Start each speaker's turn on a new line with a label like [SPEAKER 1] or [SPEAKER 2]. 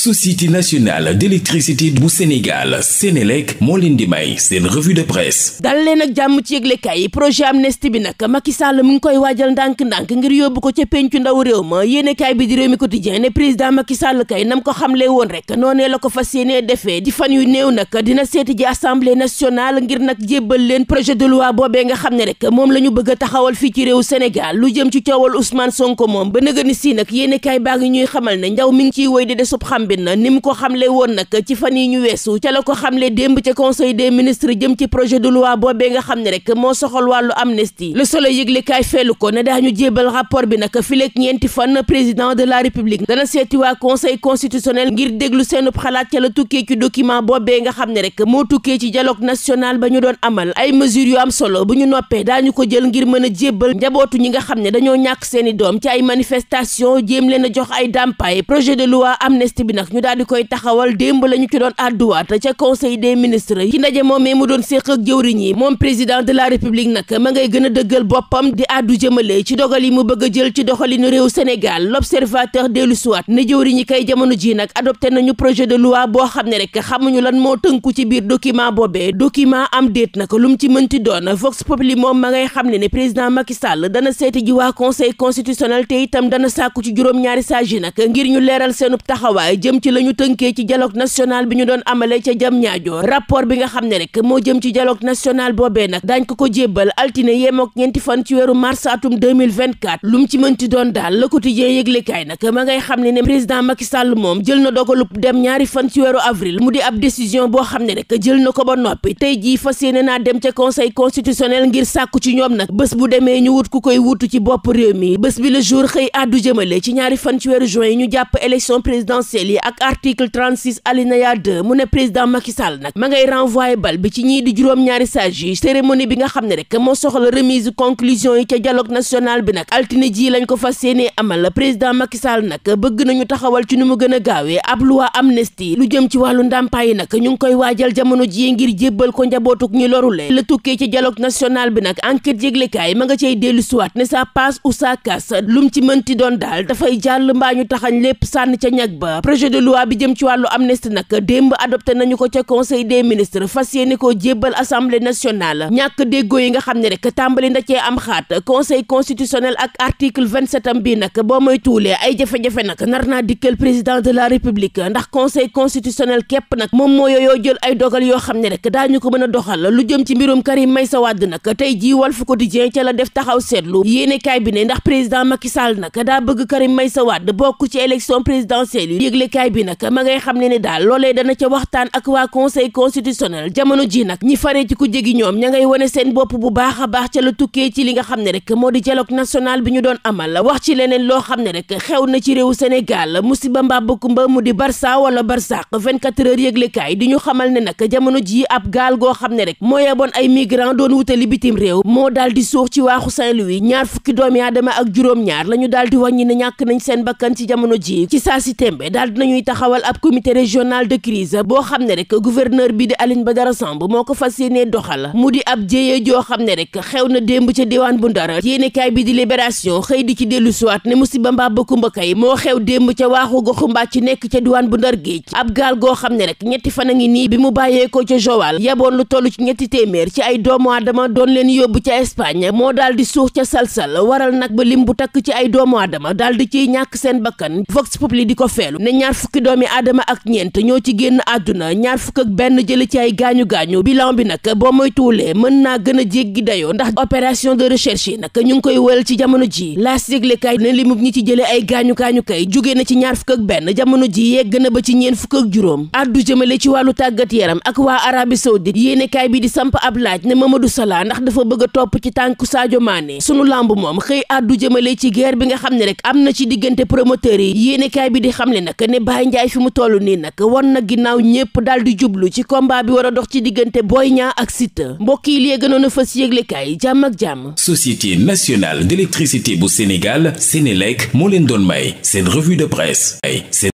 [SPEAKER 1] société nationale d'électricité bu Sénégal Sénélec moo leen di may seen revue de presse dal leen ak jàmm ci yëglekaay yi projet amnistie bi nag Macky Sall ngi koy waajal ndànk-ndànk ngir yóbbu ko ca pencu ndaw réew ma yéenekaay bi di réew mi quotidien ne président Macky Sall kay nam ko xamle woon rek noonee la ko fas yéenee defee di fan yu néew nag dina seeti ji assemblée nationale ngir nag jébbal leen projet de loi boobee nga xam ne rek moom la ñu bëgg a fii ci réew Sénégal lu jëm ci coowal Ousmane Sonko moom ba nëgëni si nag yéenekaay baa ngi Gambie na ni mu ko xamle woon nag ci fan yi ñu weesu ca la ko xamle démb ca conseil des ministres jëm ci projet de loi boobee nga xam ne rek moo soxal wàllu amnistie Le Soleil yëglekaay feelu ko ne daañu jébal rapport bi nag fileeg ñeenti fan président de la république dana seeti waa conseil constitutionnel ngir déglu seenub xalaat ca la tukkee ci document boobee nga xam ne rek moo tukkee ci dialogue national ba ñu doon amal ay mesures yu am solo bu ñu noppee daañu ko jël ngir mën a jébbal njabootu ñi nga xam ne dañoo ñàkk seeni doom ci ay manifestation jéem leen jox ay dàmpaay nag ñu daal di koy taxawal démb la ñu doon àdduwaat ca conseil des ministres ci ndaje moomee mu doon séq ak jëwriñ yi moom président de la république nag ma ngay gën a dëggal boppam di àddu jëmale ci dogal yi mu bëgg jël ci doxalinu réew Sénégal l'observateur dellu siwaat ne jëwriñ yi kay jamono ji nag adopté nañu projet de loi boo xam ne rek xamuñu lan moo tënku ci biir document boobee document am déet nag lu mu ci mënti doon Vox Populi moom ma ngay xam ne ne président Macky Sall dana seeti ji waa conseil constitutionnel te itam dana sàkku ci juróom-ñaari saa yi nag ngir ñu leeral seenub taxawaay jëm ci la ñu tënkee ci dialogue national bi ñu doon amale ca jam ñaajoo rapport bi nga xam ne rek moo jëm ci dialogue national boobee nag daañ ko ko jébbal altine yemook ñeenti fan ci weeru mars atum 2024 lu mu ci mënti doon daal Le Quotidien yëglekaay nag ma ngay xam ne ne président Macky Sall moom jël na dogalu dem ñaari fan ci weeru avril mu di ab décision boo xam ne rek jël na ko ba noppi tey jii fas yéene naa dem ca conseil constitutionnel ngir sàkku ci ñoom nag bés bu demee ñu wut ku koy wutu ci bopp réew mi bés bi le jour xëy àddu jëmale ci ñaari fan ci weeru juin yi ñu jàpp élection présidentielle yi ak article 36 alinéa 2 mu ne président Macky Sall nag ma ngay renvoyé bal bi ci ñii di juróom-ñaari sage yi cérémonie bi nga xam ne rek moo soxla remise conclusion yi ca dialogue national bi nag altine ji lañ ko fas yéenee amal la président Macky Sall nag bëgg nañu taxawal ci nu mu gën a gaawee ab loi amnistie lu jëm ci wàllu ndàmpaay nag ñu ngi koy waajal jamono ji ngir jébbal ko njabootug ñu lorule la tukkee ci dialogue national bi nag enquête yëglekaay ma nga cay dellu ne ça passe ou ça lu mu ci mënti doon daal dafay jàll mbaa ñu taxañ lépp sànn ca ñag projet de loi bi jëm ci wàllu amnistie nag démb adopté nañu ko ca conseil des ministres fas yéene koo jébbal assemblée nationale ñàkk déggoo yi nga xam ne rek tàmbali na cee am xaat conseil constitutionnel ak article vingt sept am bii nag boo mooy tuulee ay jafe-jafe nag nar naa dikkal président de la république ndax conseil constitutionnel képp nag moom moo yooyoo jël ay dogal yoo xam ne rek daañu ko mën a doxal lu jëm ci mbirum Karim sa Wade nag tey jii Walf Quotidien ca def taxaw seetlu yéene kaay bi ne ndax président Macky Sall nag daa bëgg Karim Meïssa Wade bokk ci élection présidentielle yi kaay bi nag ma ngay xam ne ni daal loolee dana ca waxtaan ak waa conseil constitutionnel jamono ji nag ñi faree ci ku jégi ñoom ña ngay wane seen bopp bu baax a baax ca la tukkee ci li nga xam ne rek moo di dialogue national bi ñu doon amal wax ci leneen loo xam ne rek xew na ci réewu Sénégal musiba mbaa kumba mu di Barça wala Barsaq 24 heures yëglekaay di ñu xamal ne nag jamono ji ab gaal goo xam ne rek moo yeboon ay migrants doon wutali bitim réew moo daal di suux ci waaxu Saint-Louis ñaar fukki doomi aadama ak juróom-ñaar la ñu daal di wàññi ne ñàkk nañ seen bakkan ci jamono ji ñuy taxawal ab comité régional de xam ne rek gouverneur bi di Alioune Badara moo ko fas yéenee doxal mu di joo xam ne rek xew na démb ca diwaan bu ndar yéenekaay bi di libération xëy di ci dellu siwaat ne musiba mbaa bëkku mbakay moo xew démb ca waaxu goxu mbàcc nekk ca diwaan bu ndar géej ab gaal goo xam ne rek ñetti fan a ngi nii bi mu bàyyeekoo ca Joal yaboon lu toll ci ñetti téeméer ci ay doomu aadama doon leen yóbbu ca Espagne moo dal di suux ca salsal waral nag ba lim bu takk ci ay doomu aadama dal di ciy ñàkk seen bakkan vox populi di ko feelu ñaar fukki doomi aadama ak ñeent ñoo ci génn àdduna ñaar fukk ak benn jële ci ay gaañu-gaañu bilan bi nag boo moytuwulee mën naa gën a jéggi dayoo ndax opération de recherche yi nag ñu ngi koy wëral ci jamono ji laas yëglekaay ne li mu ñi ci jële ay gaañu-gaañu kay jóge na ci ñaar fukk ak benn jamono ji yegg na ba ci ñeen fukk ak juróom addu jëmale ci wàllu tàggat yaram ak waa Arabie Saoudite yéenekaay bi di samp ab laaj ne Mamadou Salah ndax dafa bëgg topp ci tànku Sadio Mané sunu lamb moom xëy addu jëmale ci guerre bi nga xam ne rek am Baye Ndiaye fi mu toll nii nag won na ginnaaw ñépp daal jublu ci komba bi war a dox ci diggante booy Niang ak Siteu mbokk yi lee gënoon a fës yëglekaay jàmm ak jàmm. Société nationale d'électricité bu Sénégal Sénélec moo leen doon may seen revue de presse ay